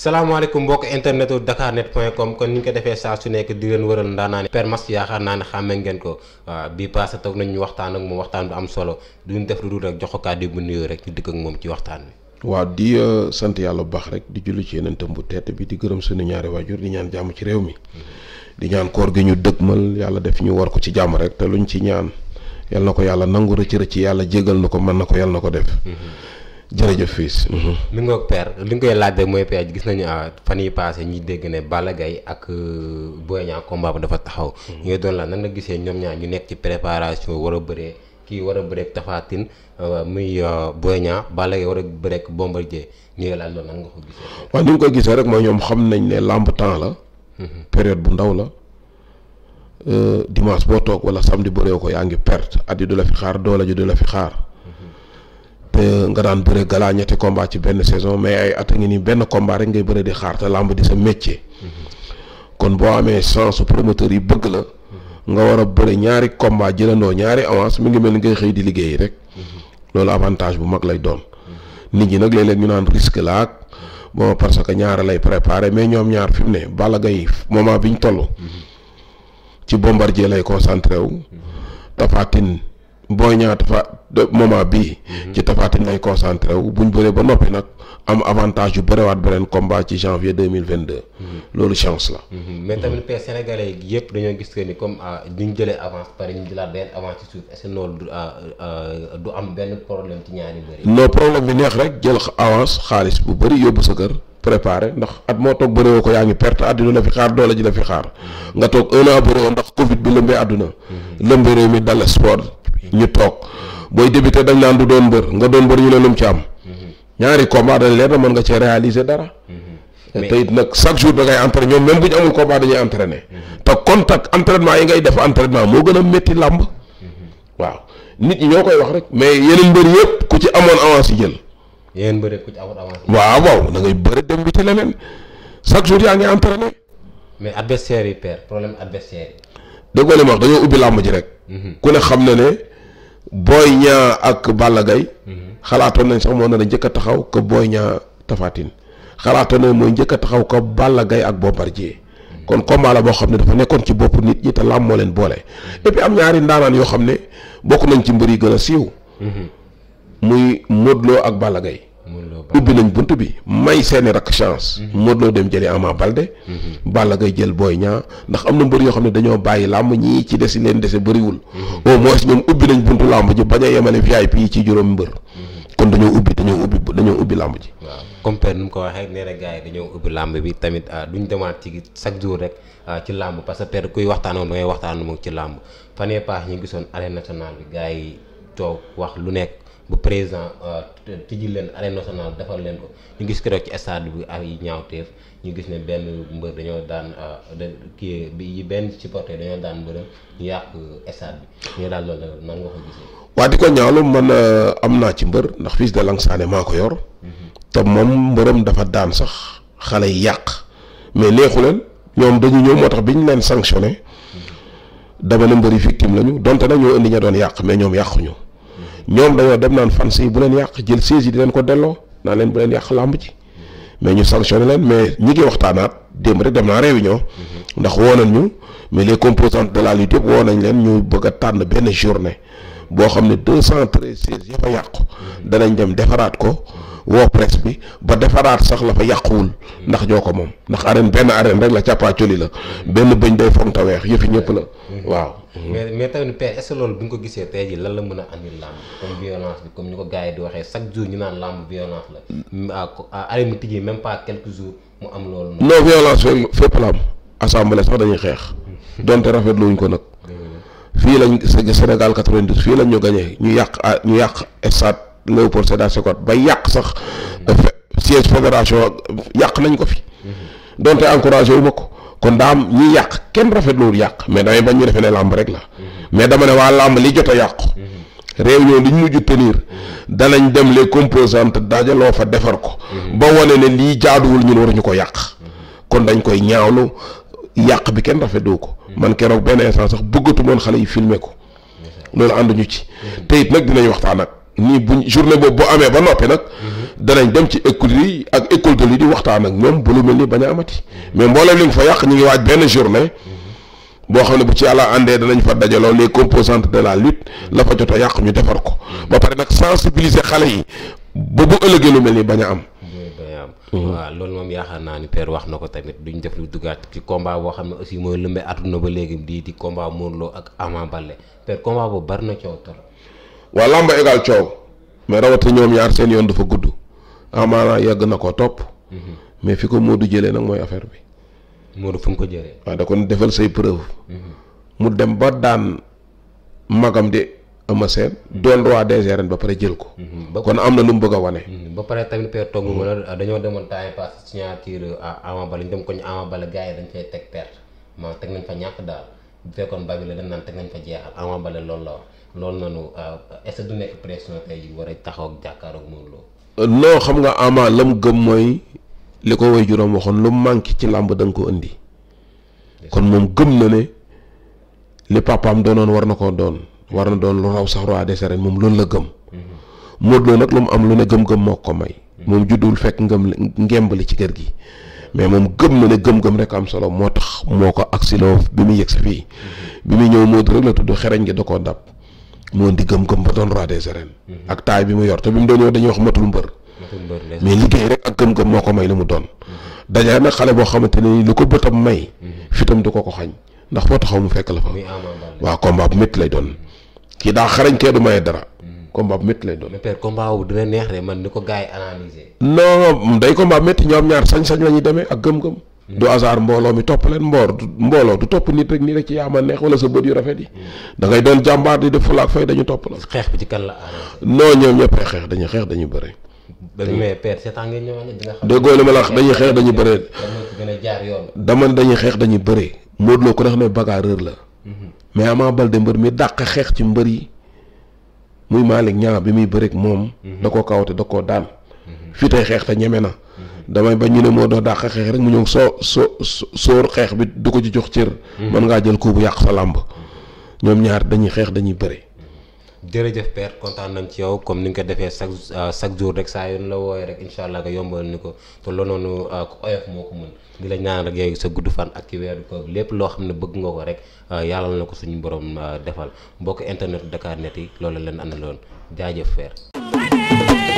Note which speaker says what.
Speaker 1: salaamaaleykum mbokk internetu dakarnet point com kon ni ñu ko defee saa su nekk di leen wëral ndaanaa ne Père Max yaakaar naa ne xàmme ngeen ko waaw bii passé toog nañ ñu waxtaan ak moom waxtaan bu am solo du ñu def lu dul rek jox ko kàddu bu nuyoo rek ñu dikk ak moom ci waxtaan wi
Speaker 2: waa di euh, sant yàlla bu baax rek di julli ci yenentam bu tedd bi di gërëm suñu ñaari waajur di ñaan jàmm ci réew mi mm-hmm. di ñaan koor gi ñu dëgmal yàlla def ñu war ko ci jàmm rek te luñ ci ñaan yal na ko yàlla nangu rëcc rëcc yàlla jégal na ko mën na ko yàlla na ko def mm-hmm. jërëjëf Fils. Mhm.
Speaker 1: mi ngoog père li nga koy laajte mooy père gis nañu ah, fan yi passé ñi dégg ne Balla Gaye ak euh, Boy Niang combat ba dafa taxaw. Mhm. ñu doon la nan la gisee ñoom ñaar ñu nekk ci préparation war a bëree kii war a bëreeg Tapha Tine euh, muy euh, Boy Niang Balla Gaye war a bëreeg Bombardier ñu ngi laaj loolu nan nga ko gisee.
Speaker 2: waaw ni nga koy gisee rek mooy ñoom xam nañ ne lamb temps la. Mhm. période bu ndaw la. dimanche boo toog wala samedi bëree ko yaa ngi perte at yi du la fi xaar doole ji du la fi xaar. te nga daan bëre galaa ñetti combat ci benn saison mais ay at a ngi nii benn combat rek ngay bëre di xaar te làmb di sa métier. kon boo amee chance promoteur yi bëgg la. nga war a bëre ñaari combat jëlandoo ñaari avance mu ngi mel ni ngay xëy di liggéey rek. loolu avantage bu mag lay doon. nit ñi nag léeg-léeg ñu naan risque la ak bon parce que ñaara lay préparé mais ñoom ñaar fi mu ne Balla Gaye moment biñ toll. ci bombardier lay concentré wu. booy ñaa tafa moment bii. Mhm. ci tafaatin lay concentré wu buñ bëree ba noppi nag am avantage yu bëriwaat beneen combat ci janvier deux mille vingt deux. Mhm. loolu chance la.
Speaker 1: Mhm. mais tamit père sénégalais yëpp dañoo gis que ni comme duñ ah, ñu jëlaat benn avance ci suuf ah, ah, am benn problème ci ñaari
Speaker 2: bëri. neex rek jël avance xaalis bu bëri yóbbu sa kër. préparé ndax at moo toog bëriwoo ko yaa ngi perte àddina la fi xaar doole la fi xaar nga toog un an bëriwoo ndax Covid bi lëmbee àdduna. lëmbee réew mi dal sport. ñu toog booy débuté dañ naan du doon mbër nga doon mbër ñu ne lu mu ci am. ñaari combat dañ leen mën nga cee dara. te it nag chaque jour da ngay entraîné ñoom même bu ñu amul combat dañuy entraîné. yi ngay def entraînement moo gën a métti làmb. waaw nit ñi ñoo koy wax rek mais yeneen mbër yëpp ku ci amoon avance yi jël. yeneen mbër yëpp ku waaw waaw da ngay bëri dem bi ci leneen chaque jour yaa ngi entraîné.
Speaker 1: mais adversaire yi père problème adversaire yi. déggoo li ma wax dañoo ubbi làmb ji rek. Mhm. ku
Speaker 2: ne xam na ne. Boy Niang ak Balla gay xalaatoon nañ sax moo nar a njëkk a taxaw que Boy Niang Tapha Tine xalaatoon mooy njëkk taxaw que Balla gay ak Bombardier kon combat la boo xam ne dafa nekkoon ci bopp nit ñi te làmb moo leen boole et am ñaari ndaanaan yoo xam ne bokk nañ ci mbër yi gën a siiw mhm. muy Modou ak Balla Gaye ubbi nañ bunt bi may seeni rak chance mhm. Modou Lo dem jëli Ama Baldé mhm. Balla Gaye jël booy ñaa ndax am na mbër yoo xam ne dañoo bàyyi làmb ñii ci desi leen dese bëriwul mhm. au moins ñoom ubbi nañ buntu làmb ji bañ a yemale VIP yi ci juróom mbër kon dañoo ubbi dañoo ubbi dañoo ubbi làmb ji
Speaker 1: waaw comme père nu mu ko waxee nee na gars yi dañoo ubbi làmb bi tamit ah, duñ demaat ci chaque jour rek ah, ci làmb parce que père kuy waxtaan da ngay waxtaan moom ci làmb fanee paax ñu gisoon arène nationale bi gars yi toog wax lu nekk bu président euh, tijji leen arène nationale defal leen ko ñu gis ki rek ci stade bi ay ñaawteef ñu gis ne benn mbër dañoo daan euh, kii yi benn supporter dañoo daan mbërëm ñu yàq stade bi ñu daal loolu la nan nga ko gisee.
Speaker 2: waa euh, am naa ci mbër ndax fils de Langsane maa ko yor. Mhm. te moom mbërëm dafa daan sax xale yi yàq mais neexu leen ñoom dañu ñëw moo tax bi ñu leen sanctionné mhm. dama ne mbëri victime lañu donte nag ñoo indi ña doon yàq mais ñoom yàquñu. ñoom dañoo dem naan fans yi bu leen yàq jël siège yi di leen ko delloo naan leen bu leen yàq làmb ci mais ñu sanctionné leen mais ñi ngi waxtaanaat démb rek dem naa réunion ndax woo nañ ñu mais les composantes de la lutte yëpp woo nañ leen ñu bëgg a tànn benn journée boo xam ne deux cent treize sièges ya fa yàqu danañ dem defaraat ko woo presse bi ba defaraat sax la fa yàquwul ndax ñoo ko moom ndax arène benn arène rek la càppaa coli la benn bëñ day fonta weex yëfi ñëpp la waaw mais
Speaker 1: mais tamit père est loolu bu ñu ko gisee tey ji lan la mën a andil làmb comme violence bi ko gars di waxee chaque jour ñu naan làmb violence la à mu tijji mu am loolu non
Speaker 2: violence fépp la am assemblée sax dañuy xeex donte rafetlu wuñ ko nag mm-hmm. fii lañ Sénégal 92 fii lañ ñu gagné ñu yàq ñu yàq stade Léopold Sédar Senghor ba yàq sax siège fédération yàq nañ ko fi donte encouragé wu ma ko kon daa am ñi yàq kenn rafetluwul yàq mais damay bañ ñu defee ne làmb rek la mais dama ne waa làmb li jot a yàqu réunion li ñu mujj tenir danañ dem les composantes dajaloo fa defar ko ba wane ne lii jaaduwul ñun waruñu ko yàq kon dañ koy ñaawlu yàq bi kenn rafetlu ko man keroog benn instant sax bëggatu moon xale yi filmer ko loolu ànduñu ci te it nag dinañ waxtaan ak nii buñ journée boobu bu amee ba noppi nag mhm. danañ dem ci école yi ak école de li di waxtaan ak ñoom bu lu mel ni bañ a amati mais mboolem li nga yàq ñu ngi waaj benn journée mhm. boo xam bu ci yàlla àndee danañ fa dajaloo les composantes de la lutte mhm. la fa jot a yàq ñu defar ko ba pare nag sensibiliser xale yi ba ëllëgee lu mel ni bañ am. waaw
Speaker 1: loolu moom yaakaar naa ni père wax na ko tamit duñ def lu duggaat ci combat boo xam ne aussi mooy lëmbee na ba léegi di di combat Modou Lo ak Ama Baldé père combat boobu bari na
Speaker 2: waa làmb égal coow mais rawati ñaar seen yoon dafa gudd amaana yàgg na ko topp mais fi ko Modou jëlee nag mooy affaire bi Modou fu mu ko jële waaw da kon defal say preuve mhm. mu dem ba daan magam di ama seen mhm. doon roi des arènes ba pare jël ko mhm. kon am na lu mu bëgg a wane
Speaker 1: ba pare tamit père togg mu ah, dañoo demoon taay pass signature ah, Ama Baldé ñu dem ko ñu Ama Baldé gars yi dañ fay teg perte maa teg nañ fa ñàkk daal bu fekkoon babi la dañ naan teg nañ fa jeexal Ama Baldé loolu loolu noonu euh, est-ce taxaw ak jàkkaaroog
Speaker 2: Lo. xam nga Ama la mu gëm mooy li ko woy juróom waxoon lu mu manqué ci làmb da nga ko indi. kon moom gëm na ne li papaam doonoon war na koo doon war na doon lu raw sax roi des arènes moom loolu la gëm. Mm-hmm. Modou Lo lu mu am lu ne gëm-gëm moo ko may. Mm-hmm. moom juddul fekk ngëm ngemb li ci kër gi. mais moom gëm na ne gëm-gëm rek am solo moo tax moo ko agsiloo bi mu yegg si fii. Mm-hmm. bi muy ñëw Modou rek la tudd xereñ gi da koo dab. moo di gëm-gëm ba doon roi des arènes. Mhm. ak taay bi mu yor te bi mu doon ñëw dañuy wax matul mbër. mais liggéey rek ak gëm-gëm moo ko may li mu doon. Mhm. dañaa xale boo xamante ni lu ko bëtam may. Mhm. fitam du ko ko xañ ndax foo taxaw mu fekk la fa. waaw combat bu métti lay doon. kii daa xarañ kee du maye dara. combat bu métti lay doon. mais
Speaker 1: père neex man ni ko gars yi analyser.
Speaker 2: non day combat métti ñoom ñaar sañ-sañ la ñuy demee ak gëm-gëm. du hasard mbooloo mi topp leen mboor mbooloo du topp nit rek nii rek ci yaama neex wala sa bët yu rafet yi. da ngay doon jàmbaar di def fulaak fay dañu topp la. xeex bi ci kan la non ñëpp xeex dañuy xeex dañu bëre. mais père seetaan ngeen ñëwoon xam. dañuy xeex dañuy a jaar dañuy xeex dañuy bëre. Modou Lo ku ne xam ne la. Mhm. mais Ama Baldé mbër mi dàq xeex ci mbër yi muy Malick Niang bi muy bëreeg moom. Mhm. da koo kawate da koo daan. Mhm. fii tey xeex te ñeme na damay bañ ñu ne moo doo dàq xeex rek mu ñëw soo soo sóor xeex bi du ko ci jox cër. Hmm. mën ngaa jël koobu yàq sa làmb ñoom ñaar dañuy xeex dañuy bëri.
Speaker 1: jërëjëf père kontaan nañ ci yow comme ni nga ko defee chaque euh, chaque jour rek saa yoon la wooyee incha allah nga yombal ko te loolu noonu euh, ku oyof sa gudd fan ak ci weeru ko lépp loo xam ne bëgg nga ko rek euh, yàlla na ko suñu boroom defal mbokk internet Dakar Net yi loolu leen andaloon jaajëf père.